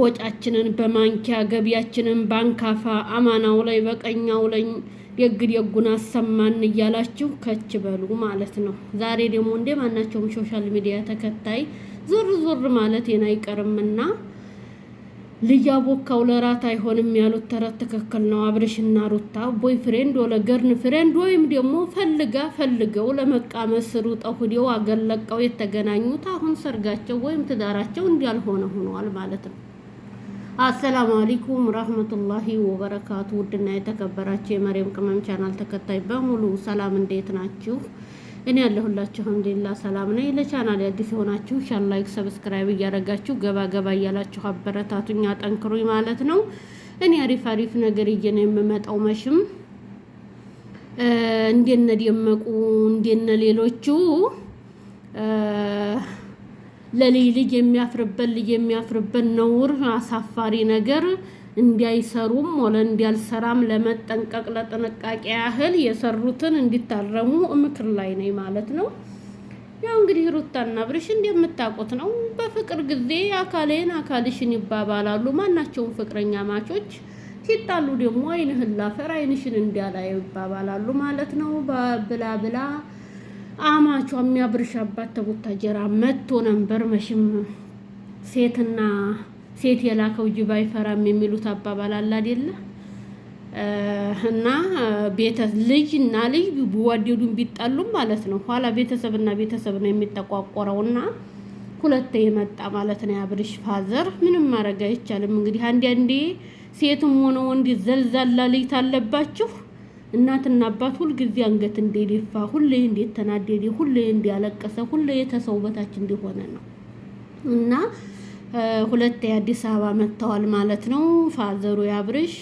ወጫችንን በማንኪያ ገቢያችንን ባንካፋ አማናው ላይ በቀኛው ላይ የግድ የጉን አሰማን እያላችሁ ከች በሉ ማለት ነው። ዛሬ ደግሞ እንደ ማናቸውም ሶሻል ሚዲያ ተከታይ ዞር ዞር ማለቴን አይቀርምና ልጅ ለራት አይሆንም ያሉት ተረት ትክክል ነው። አብርሽና ሩታ ቦይ ፍሬንድ ወለ ገርን ፍሬንድ ወይም ደግሞ ፈልጋ ፈልገው ለመቃመስ ሩጠው ሁዴው አገር ለቀው የተገናኙት አሁን ሰርጋቸው ወይም ትዳራቸው እንዲያልሆነ ሆነዋል ማለት ነው። አሰላሙ አለይኩም ረህመቱላሂ ወበረካቱ። ውድና የተከበራችሁ የመሪም ቅመም ቻናል ተከታይ በሙሉ ሰላም፣ እንዴት ናችሁ? እኔ ያለሁላችሁ አልሐምዱሊላህ ሰላም ነኝ። ለቻናል አዲስ የሆናችሁ ሻን ላይክ፣ ሰብስክራይብ እያደረጋችሁ ገባ ገባ እያላችሁ አበረታቱኝ፣ አጠንክሩኝ ማለት ነው። እኔ አሪፍ አሪፍ ነገር ይዤ የምመጣው። መሽም እንደነ ደመቁ እንደነ ሌሎቹ ለልጅ ልጅ የሚያፍርበት ልጅ የሚያፍርበት ነውር አሳፋሪ ነገር እንዲያይሰሩም ወለ እንዲያልሰራም ለመጠንቀቅ ለጥንቃቄ ያህል የሰሩትን እንዲታረሙ ምክር ላይ ነኝ ማለት ነው። ያው እንግዲህ ሩታና ብርሽ እንደምታውቁት ነው። በፍቅር ጊዜ አካሌን አካልሽን ይባባላሉ። ማናቸውም ፍቅረኛ ማቾች ሲጣሉ ደግሞ አይንህን ላፈር አይንሽን እንዲያላየው ይባባላሉ ማለት ነው። ብላ ብላ አማቿ የሚያብርሽ አባት ተቦታጀራ መጥቶ ነበር። መሽም ሴትና ሴት የላከው ጅብ አይፈራም የሚሉት አባባል አለ አይደለ? እና ቤተ ልጅ እና ልጅ ቢዋደዱም ቢጣሉም ማለት ነው ኋላ ቤተሰብና ቤተሰብ ነው የሚጠቋቆረው እና ሁለተ የመጣ ማለት ነው ያብርሽ ፋዘር። ምንም ማድረግ አይቻልም እንግዲህ አንዳንዴ ሴትም ሆነ ወንድ ዘልዛላ ልጅ ታለባችሁ እናትና አባት ሁልጊዜ አንገት እንደደፋ፣ ሁሌ እንደተናደደ፣ ሁሌ እንዲያለቀሰ፣ ሁሌ ተሰው በታች እንደሆነ ነው እና ሁለት የአዲስ አበባ መጥተዋል ማለት ነው ፋዘሩ ያብርሽ።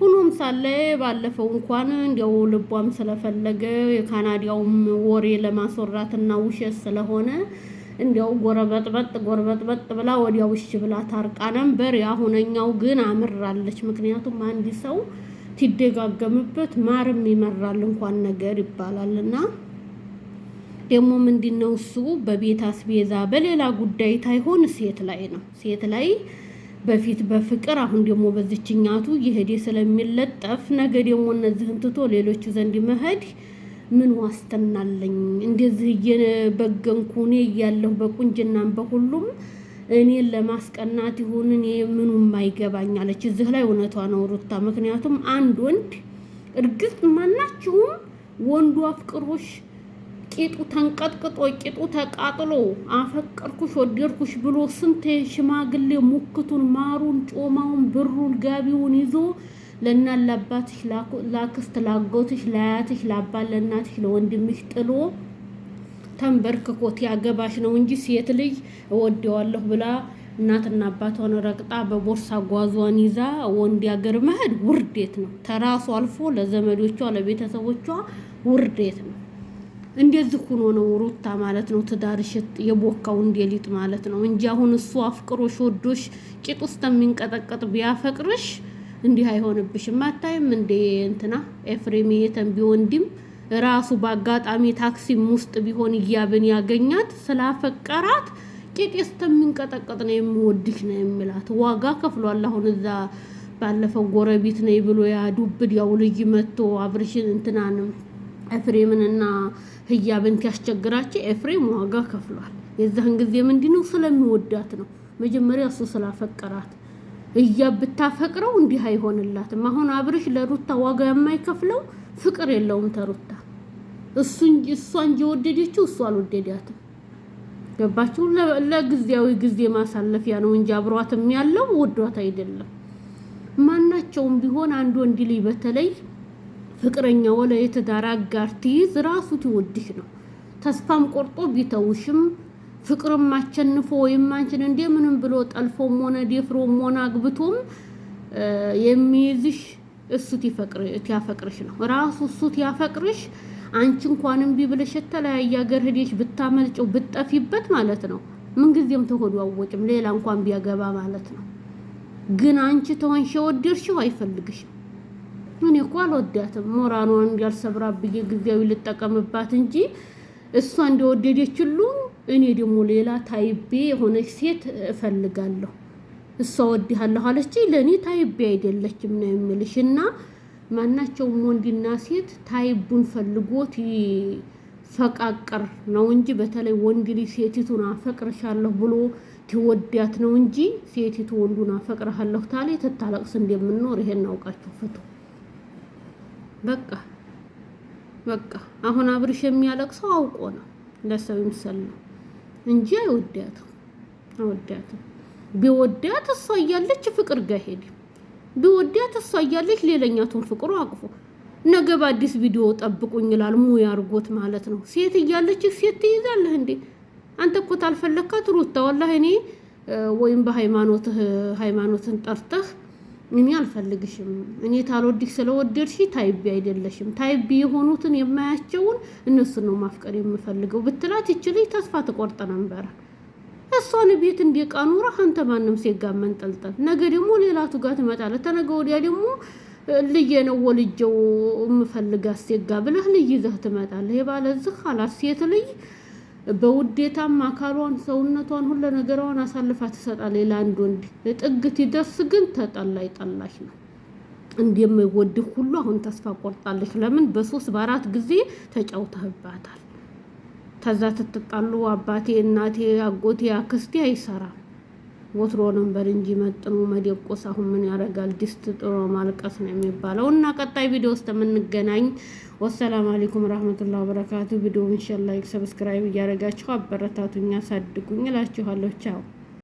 ሁኖም ሳለ ባለፈው እንኳን እንዲያው ልቧም ስለፈለገ የካናዳውም ወሬ ለማስወራትና ውሸት ስለሆነ እንዲያው ጎረበጥበጥ ጎረበጥበጥ ብላ ወዲያው እሺ ብላ ታርቃ ነበር። ያሁነኛው ግን አምራለች። ምክንያቱም አንድ ሰው ብትደጋገምበት ማርም ይመራል እንኳን ነገር ይባላል እና ደግሞ ምንድን ነው እሱ በቤት አስቤዛ በሌላ ጉዳይ ታይሆን ሴት ላይ ነው። ሴት ላይ በፊት በፍቅር አሁን ደግሞ በዝችኛቱ የሄደ ስለሚለጠፍ ነገ ደግሞ እነዚህን ትቶ ሌሎቹ ዘንድ መሄድ ምን ዋስተናለኝ እንደዚህ እየበገንኩ እኔ እያለሁ በቁንጅናም በሁሉም እኔን ለማስቀናት ይሁን እኔ ምኑም አይገባኝ አለች። እዚህ ላይ እውነቷ ነው ሩታ። ምክንያቱም አንድ ወንድ እርግጥ ማናችሁም ወንዱ አፍቅሮሽ ቂጡ ተንቀጥቅጦ ቂጡ ተቃጥሎ አፈቀርኩሽ ወደድኩሽ ብሎ ስንት ሽማግሌ ሙክቱን፣ ማሩን፣ ጮማውን፣ ብሩን፣ ጋቢውን ይዞ ለእናት ለአባትሽ፣ ላክስት፣ ላጎትሽ፣ ለአያትሽ፣ ለአባት፣ ለእናትሽ፣ ለወንድምሽ ጥሎ ተንበርክኮት ያገባሽ ነው እንጂ ሴት ልጅ እወደዋለሁ ብላ እናትና አባቷን ረግጣ በቦርሳ ጓዟን ይዛ ወንድ ያገር መሄድ ውርዴት ነው። ተራሱ አልፎ ለዘመዶቿ ለቤተሰቦቿ ውርዴት ነው። እንደዚህ ሁኖ ነው ሩታ ማለት ነው ትዳርሽ የቦካው እንደሊጥ ማለት ነው እንጂ አሁን እሱ አፍቅሮሽ ወዶሽ ቂጥ ውስጥ የሚንቀጠቀጥ ቢያፈቅርሽ እንዲህ አይሆንብሽም። አታይም እንዴ እንትና ኤፍሬም የተንቢ ቢወንዲም ራሱ በአጋጣሚ ታክሲም ውስጥ ቢሆን እያብን ያገኛት ስላፈቀራት ቄጤ እስከሚንቀጠቀጥ ነው የምወድሽ ነው የሚላት። ዋጋ ከፍሏል። አሁን እዛ ባለፈው ጎረቤት ነኝ ብሎ ያዱብድ ያው ልጅ መጥቶ አብርሽን እንትናንም እና ህያብን ሲያስቸግራቸው ኤፍሬም ዋጋ ከፍሏል። የዛህን ጊዜ ምንድን ነው ስለሚወዳት ነው። መጀመሪያ እሱ ስላፈቀራት እያ ብታፈቅረው እንዲህ አይሆንላትም። አሁን አብርሽ ለሩታ ዋጋ የማይከፍለው ፍቅር የለውም ተሩታ እሷ እንጂ ወደደችው እሱ አልወደዳትም። ገባችሁ? ለጊዜያዊ ጊዜ ማሳለፊያ ነው እንጂ አብሯትም ያለው ወዷት አይደለም። ማናቸውም ቢሆን አንድ ወንድ በተለይ ፍቅረኛ ወለ የትዳር አጋር ትይዝ ራሱ ትወድሽ ነው። ተስፋም ቆርጦ ቢተውሽም ፍቅርም አቸንፎ ወይም አንቺን እንደምንም ብሎ ጠልፎም ሆነ ደፍሮም ሆነ አግብቶም የሚይዝሽ እሱ ያፈቅርሽ ነው። ራሱ እሱ ያፈቅርሽ አንቺ እንኳን እምቢ ብለሽ የተለያየ ሀገር ሄደሽ ብታመልጭው ብጠፊበት ማለት ነው ምንጊዜም ተሆዱ አወጭም ሌላ እንኳን ቢያገባ ማለት ነው። ግን አንቺ ተወንሽ ወደድሽው አይፈልግሽም። እኔ እኮ አልወዳትም ሞራኗን እንዳልሰብራ ብዬ ጊዜያዊ ልጠቀምባት እንጂ እሷ እንደወደደች ሁሉ እኔ ደግሞ ሌላ ታይቤ የሆነች ሴት እፈልጋለሁ። እሷ ወድሃለሁ አለችኝ። ለእኔ ታይቤ አይደለችም ነው የምልሽ እና ማናቸውም ወንድና ሴት ታይቡን ፈልጎት ፈቃቅር ነው እንጂ በተለይ ወንድ ልጅ ሴቲቱን አፈቅርሻለሁ ብሎ ትወዳት ነው እንጂ ሴቲቱ ወንዱን አፈቅርሃለሁ ታለ ትታለቅስ እንደምንኖር ይሄን አውቃችሁ ፍቱ። በቃ በቃ አሁን አብርሽ የሚያለቅሰው አውቆ ነው ለሰው ይምሰል ነው እንጂ አይወዳትም አይወዳትም። ቢወዳት እሷ እያለች ፍቅር ጋር ሄድ ቢወዳት እሷ እያለች ሌላኛቱን ፍቅሩ አቅፎ ነገ በአዲስ ቪዲዮ ጠብቁኝ ይላል። ሙያ አርጎት ማለት ነው። ሴት እያለች ሴት ትይዛለህ እንዴ? አንተ እኮ ታልፈለግካት ሩታ ወላሂ እኔ ወይም በሃይማኖትህ ሃይማኖትን ጠርተህ እኔ አልፈልግሽም እኔ ታልወድሽ ስለወደድሽ ታይቢ አይደለሽም ታይቢ የሆኑትን የማያቸውን እነሱን ነው ማፍቀር የምፈልገው ብትላት ይችልኝ ተስፋ ትቆርጥ ነበረ። እሷን ቤት እንደ ዕቃ ኑረህ አንተ ማንም ሴጋ መንጠልጠል። ነገ ደግሞ ሌላ ቱጋ ትመጣለህ። ተነገ ወዲያ ደግሞ ልዬ ነው ወልጀው የምፈልጋት ሴጋ ብለህ ልይ ይዘህ ትመጣለህ። የባለዝህ ኋላስ ሴት ልይ በውዴታም አካሏን፣ ሰውነቷን፣ ሁለ ነገሯን አሳልፋ ትሰጣለች ለአንድ ወንድ። ጥግ ሲደርስ ግን ተጠላይ ጠላሽ ነው እንደማይወድህ ሁሉ አሁን ተስፋ ቆርጣለች። ለምን በሶስት በአራት ጊዜ ተጫውተህባታል። ተዛ ትትጣሉ አባቴ፣ እናቴ፣ አጎቴ፣ አክስቴ አይሰራም። ወትሮንም በል እንጂ መጥኑ መደቆስ አሁን ምን ያደርጋል? ድስት ጥሮ ማልቀስ ነው የሚባለው። እና ቀጣይ ቪዲዮ ውስጥ የምንገናኝ። ወሰላም አለይኩም ረህመቱላ በረካቱ። ቪዲዮ ላይክ ሰብስክራይብ እያደረጋችሁ አበረታቱኝ፣ አሳድጉኝ እላችኋለሁ። ቻው